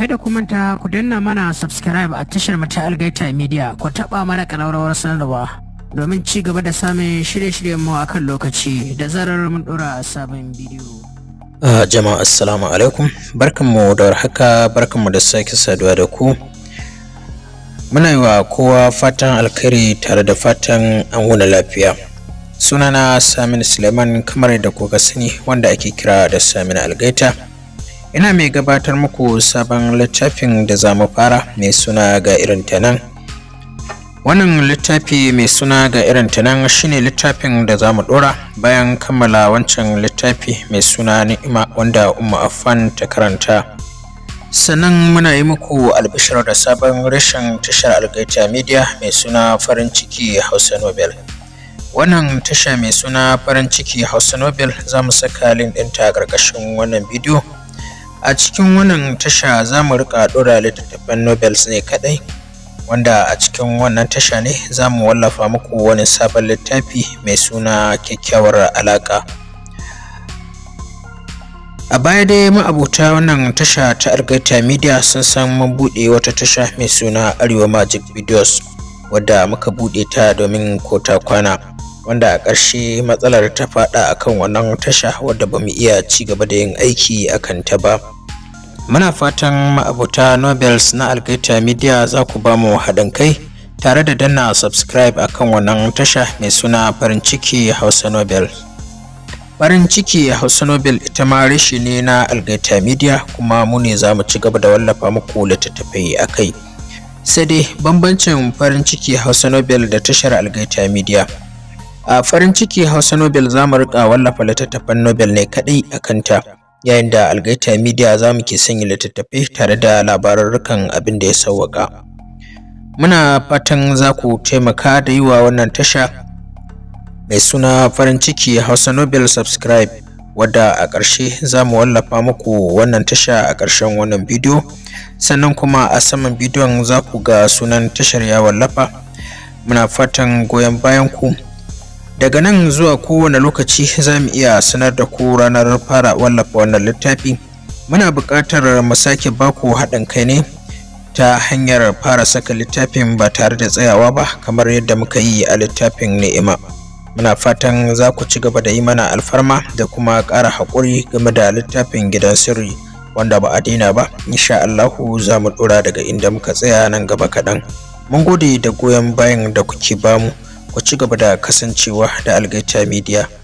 kada ku manta ku danna mana subscribe a tashar mata ta Algaita Media ku taba mana ƙararrawar sanarwa domin ci gaba da samun shirye-shiryen mu akan lokaci da zarar mun dora sabon bidiyo. Ah, jama'a assalamu alaikum barkanmu da warhaka barkanmu da sake saduwa da ku muna yi wa kowa fatan alkhairi tare da fatan an wuna lafiya sunana Saminu Suleiman kamar da kuka sani wanda ake kira da Saminu Algaita ina mai gabatar muku sabon littafin da za mu fara mai suna ga irin ta nan wannan littafi mai suna ga irin ta nan shine littafin da za mu dora bayan kammala wancan littafi mai suna ni'ima wanda umma affan ta karanta sannan muna yi muku albishar da sabon rashin tashar algaita media mai suna farin ciki hausa nobel wannan tasha mai suna farin ciki hausa nobel za mu saka link ɗinta a ƙarƙashin wannan bidiyo A cikin wannan tasha za mu rika ɗora littattafan Nobels ne kaɗai, wanda a cikin wannan tasha ne za mu wallafa muku wani sabon littafi mai suna kyakkyawar alaƙa. A baya dai ma'abota wannan tasha ta Algaita Media sun san mun buɗe wata tasha mai suna Arewa Magic Videos wadda muka buɗe ta domin kota kwana. wanda a ƙarshe matsalar ta faɗa akan wannan tasha wadda ba mu iya ci gaba da yin aiki akan ta ba muna fatan ma'abota nobels na algaita media za ku ba mu haɗin kai tare da danna subscribe kan wannan tasha mai suna farin ciki hausa nobel farin ciki hausa nobel ita ma rashi ne na algaita media kuma mu ne za mu ci gaba da wallafa muku littattafai a kai sai dai bambancin farin ciki hausa nobel da tashar algaita media a farin ciki hausa nobel za mu rika wallafa littattafan nobel ne kaɗai a kanta yayin da algaita media za mu ke sanya littattafai tare da labarurrukan abin da ya sauwaka muna fatan za ku taimaka da yi wa wannan tasha mai suna farin ciki hausa nobel subscribe wadda a ƙarshe za mu wallafa muku wannan tasha a ƙarshen wannan bidiyo sannan kuma a saman bidiyon za ku ga sunan tashar ya wallafa muna fatan goyon bayan ku daga nan zuwa kowane lokaci za mu iya sanar da ku ranar fara wallafa wannan littafi muna buƙatar mu sake baku haɗin kai ne ta hanyar fara saka littafin ba tare da tsayawa ba kamar yadda muka yi a littafin ni'ima muna fatan za ku ci gaba da yi mana alfarma da kuma ƙara haƙuri game da littafin gidan sirri wanda ba a daina ba insha Allahu za mu ɗora daga inda muka tsaya nan gaba kaɗan mun gode da goyon bayan da kuke bamu ku ci gaba da kasancewa da algaita media